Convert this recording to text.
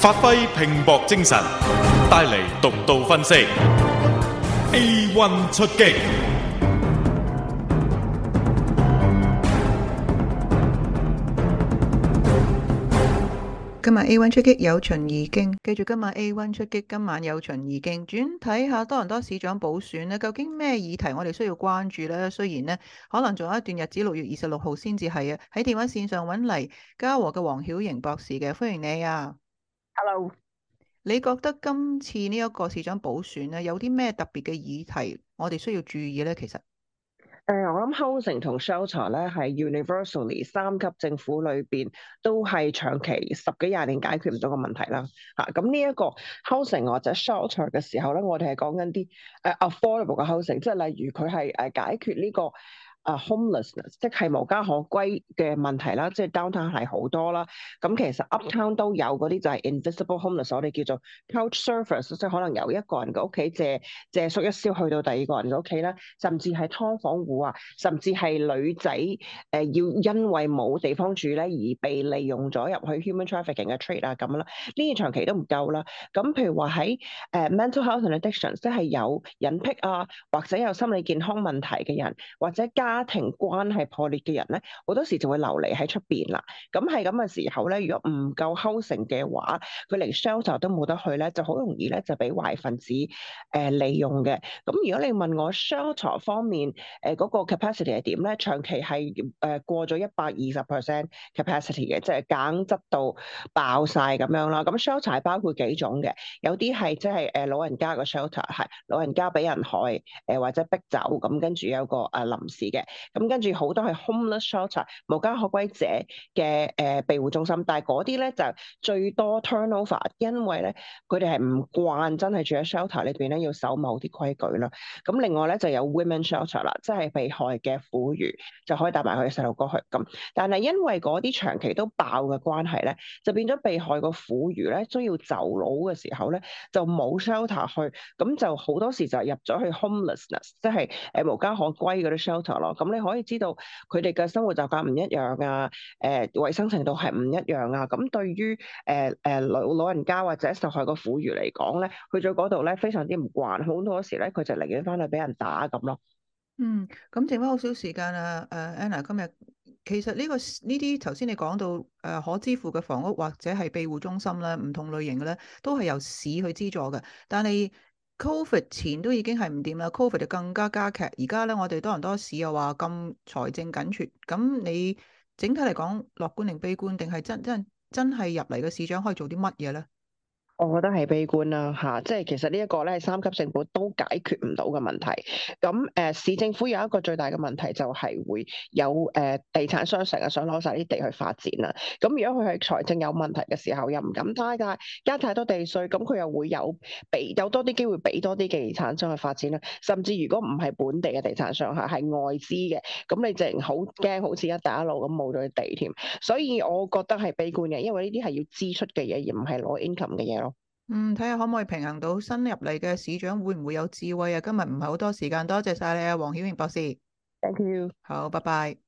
發揮拼搏精神，帶嚟獨到分析。A one 出擊，今日 A one 出擊有巡而經，記住今晚 A one 出擊。今晚有巡而經，轉睇下多倫多市長補選呢，究竟咩議題我哋需要關注呢？雖然呢，可能仲有一段日子，六月二十六號先至係啊。喺電話線上揾嚟，家和嘅黃曉瑩博士嘅，歡迎你啊！Hello，你覺得今次呢一個市長補選咧，有啲咩特別嘅議題，我哋需要注意咧？其實，誒、呃，我諗 housing 同 shelter 咧係 universally 三級政府裏邊都係長期十幾廿年解決唔到嘅問題啦。嚇、啊，咁呢一個 housing 或者 shelter 嘅時候咧，我哋係講緊啲誒 affordable 嘅 housing，即係例如佢係誒解決呢、這個。啊、uh，homelessness 即係無家可歸嘅問題啦，即係 downtown 係好多啦。咁其實 uptown 都有嗰啲就係 invisible homeless，我哋叫做 couch surfing，即係可能由一個人嘅屋企借借宿一宵去到第二個人嘅屋企啦，甚至係劏房戶啊，甚至係女仔誒要因為冇地方住咧而被利用咗入去 human trafficking 嘅 trade 啊咁啦。呢啲長期都唔夠啦。咁譬如話喺誒 mental health and addictions，即係有癮癖啊或者有心理健康問題嘅人或者家。家庭關係破裂嘅人咧，好多時就會流離喺出邊啦。咁係咁嘅時候咧，如果唔夠 housing 嘅話，佢連 shelter 都冇得去咧，就好容易咧就俾壞分子誒利用嘅。咁如果你問我 shelter 方面誒嗰、那個 capacity 係點咧，長期係誒過咗一百二十 percent capacity 嘅，即係簡直到爆晒咁樣啦。咁 shelter 包括幾種嘅，有啲係即係老人家嘅 shelter，係老人家俾人害或者逼走，咁跟住有個臨時嘅。咁跟住好多係 homeless shelter 無家可歸者嘅誒、呃、庇護中心，但係嗰啲咧就最多 turnover，因為咧佢哋係唔慣真係住喺 shelter 裏面咧要守某啲規矩啦。咁另外咧就有 women shelter 啦，即係被害嘅婦孺就可以帶埋佢嘅細路過去。咁但係因為嗰啲長期都爆嘅關係咧，就變咗被害個婦孺咧需要走佬嘅時候咧就冇 shelter 去，咁就好多時就入咗去 homelessness，即係誒無家可歸嗰啲 shelter 咯。咁你可以知道佢哋嘅生活習慣唔一樣啊，誒、呃，衞生程度係唔一樣啊。咁對於誒誒老老人家或者受害個婦孺嚟講咧，去咗嗰度咧非常之唔慣，好多時咧佢就寧願翻去俾人打咁咯。嗯，咁剩翻好少時間啊。誒，Anna 今日其實呢、呢個呢啲頭先你講到誒可支付嘅房屋或者係庇護中心咧，唔同類型嘅咧都係由市去資助嘅，但係，Covid 前都已經係唔掂啦，Covid 就更加加劇。而家咧，我哋多倫多市又話咁財政緊缺，咁你整體嚟講，樂觀定悲觀，定係真真真係入嚟嘅市長可以做啲乜嘢咧？我覺得係悲觀啦，嚇！即係其實呢一個咧，三級政府都解決唔到嘅問題。咁誒，市政府有一個最大嘅問題就係會有誒地產商成日想攞晒啲地去發展啦。咁如果佢係財政有問題嘅時候又不，又唔敢加加太多地稅，咁佢又會有俾有多啲機會俾多啲地產商去發展啦。甚至如果唔係本地嘅地產商嚇，係外資嘅，咁你淨好驚好似一帶一路咁冇咗啲地添。所以我覺得係悲觀嘅，因為呢啲係要支出嘅嘢，而唔係攞 income 嘅嘢咯。嗯，睇下可唔可以平衡到新入嚟嘅市長，會唔會有智慧啊？今日唔係好多時間，多謝晒你啊，黃曉明博士。Thank you。好，拜拜。